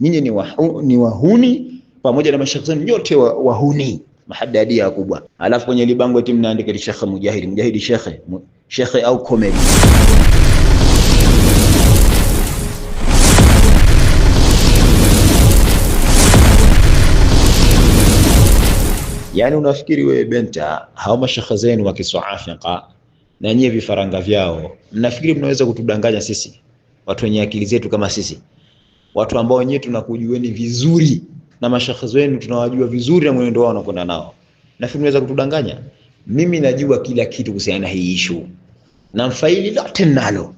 nyinyi ni, wahu, ni wahuni pamoja na mashekhe zenu nyote wa, wahuni mahadadia kubwa Alafu kwenye libango eti mnaandika ni Shekhe Mujahid, Mujahidi shekhe shekhe au komedi Yaani, unafikiri wewe benta, hao mashekhe zenu wakisoafika na nyie vifaranga vyao, mnafikiri mnaweza kutudanganya sisi watu wenye akili zetu kama sisi? watu ambao wenyewe tunakujueni vizuri na mashaka zenu tunawajua vizuri na mwenendo wao unakwenda nao. Nafikiri unaweza kutudanganya. Mimi najua kila kitu kuhusiana na hii ishu Na mfaili lote nalo.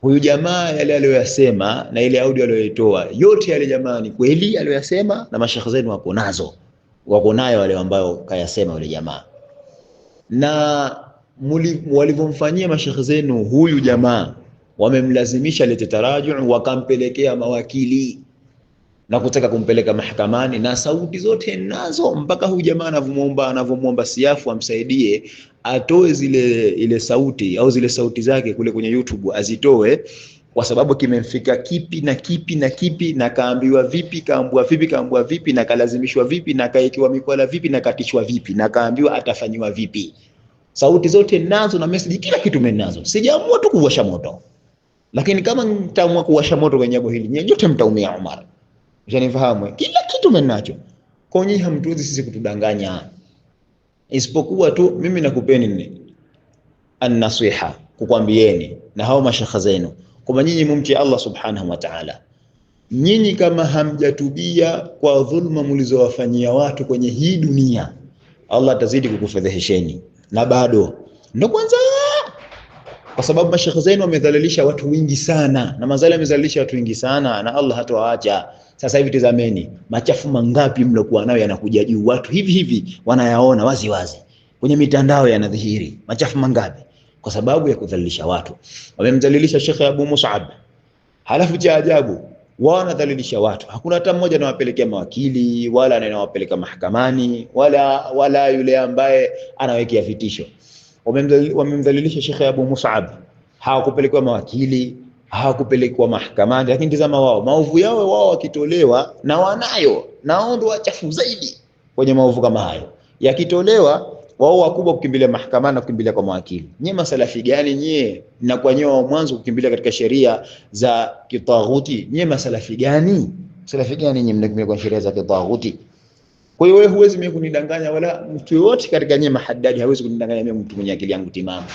Huyu jamaa yale aliyoyasema na ile audio aliyoitoa, yote yale jamaa ni kweli aliyoyasema na mashaka zenu wako nazo. Wako nayo wale ambao kayasema yule jamaa. Na walivyomfanyia mashaka zenu huyu jamaa wamemlazimisha lete litetaraju, wakampelekea mawakili na kutaka kumpeleka mahakamani, na sauti zote nazo, mpaka huyu jamaa anavyomwomba anavyomwomba siafu amsaidie atoe zile ile sauti au zile sauti zake kule kwenye YouTube azitoe, kwa sababu kimemfika kipi na kipi na kipi, na kaambiwa vipi, kaambua vipi, kaambua vipi, na kalazimishwa vipi, na kaekiwa mikwala vipi, na katishwa vipi, na kaambiwa atafanyiwa vipi. Sauti zote nazo na message, kila kitu mnazo, sijaamua tu kuwasha moto. Lakini kama mtaamua kuwasha moto kwenye jambo hili, nyote mtaumia Umar. mshanifahamu, Kila kitu mnacho. Kwa hiyo hamtuwezi sisi kutudanganya. Isipokuwa tu mimi nakupeni nini? An-nasiha, kukwambieni na hao mashaka zenu kwamba nyinyi mumti Allah subhanahu wa ta'ala. Nyinyi kama hamjatubia kwa dhulma mlizowafanyia watu kwenye hii dunia, Allah atazidi kukufedhehesheni na bado ndo kwanza kwa sababu mashekhe zenu wamedhalilisha watu wengi sana, na mazali amedhalilisha watu wengi sana, na Allah hatawaacha. Sasa hivi tazameni machafu mangapi mlokuwa nayo yanakuja juu, watu hivi hivi wanayaona wazi wazi kwenye mitandao yanadhihiri, machafu mangapi kwa sababu ya kudhalilisha watu. Wamemdhalilisha Shekhe Abu Mus'ab, halafu cha ajabu wao wanadhalilisha watu, hakuna hata mmoja anawapelekea mawakili wala anawapeleka mahakamani wala wala yule ambaye anawekea vitisho wamemdhalilisha Shekhe Abu Mus'ab, hawakupelekwa mawakili, hawakupelekwa mahakamani. Lakini tazama wao maovu yao wao wakitolewa, na wanayo nao ndio wachafu zaidi kwenye maovu kama hayo, yakitolewa wao wakubwa kukimbilia mahakamani na kukimbilia kwa mawakili. Nyie masalafi gani nyie? Na kwa nyie wa mwanzo kukimbilia katika sheria za kitaghuti, nyie masalafi gani? Salafi gani nyie mnakimbilia kwa sheria za kitaghuti? Kwa hiyo wewe huwezi mimi kunidanganya wala mtu yote katika nyema haddadi hawezi kunidanganya mimi mtu mwenye akili yangu timamu.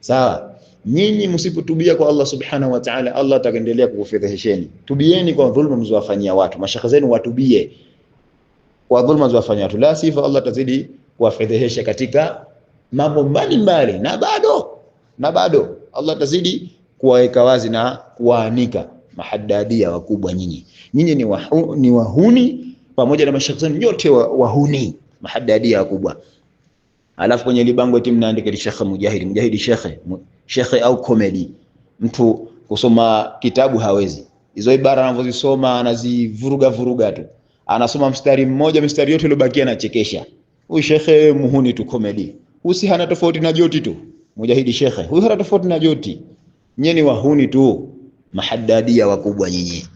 Sawa? Nyinyi msipotubia kwa Allah Subhanahu wa Ta'ala, Allah atakaendelea kukufedhehesheni. Tubieni kwa dhulma mzowafanyia watu. Mashaka zenu watubie. Kwa dhulma mzowafanyia watu. La sifa Allah tazidi kuwafedhehesha katika mambo mbalimbali na bado na bado Allah tazidi kuwaweka wazi na kuwaanika mahaddadia wakubwa nyinyi. Nyinyi ni, wahu, ni wahuni pamoja na mashakhsani yote wahuni wa mahaddadia kubwa. Alafu kwenye libango timu naandika li shekhe Mujahid, Mujahid shekhe shekhe au komedi. Mtu kusoma kitabu hawezi, hizo ibara anazozisoma anazivuruga vuruga tu, anasoma mstari mmoja, mstari yote iliyobakia anachekesha. Huyu shekhe muhuni tu, komedi. Huyu hana tofauti na Joti tu, Mujahid shekhe. huyu hana tofauti na Joti. Nyinyi ni wahuni tu, mahaddadia wakubwa nyinyi.